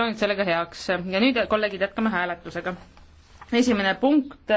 fraktsioonid sellega heaks ja nüüd, kolleegid, jätkame hääletusega. esimene punkt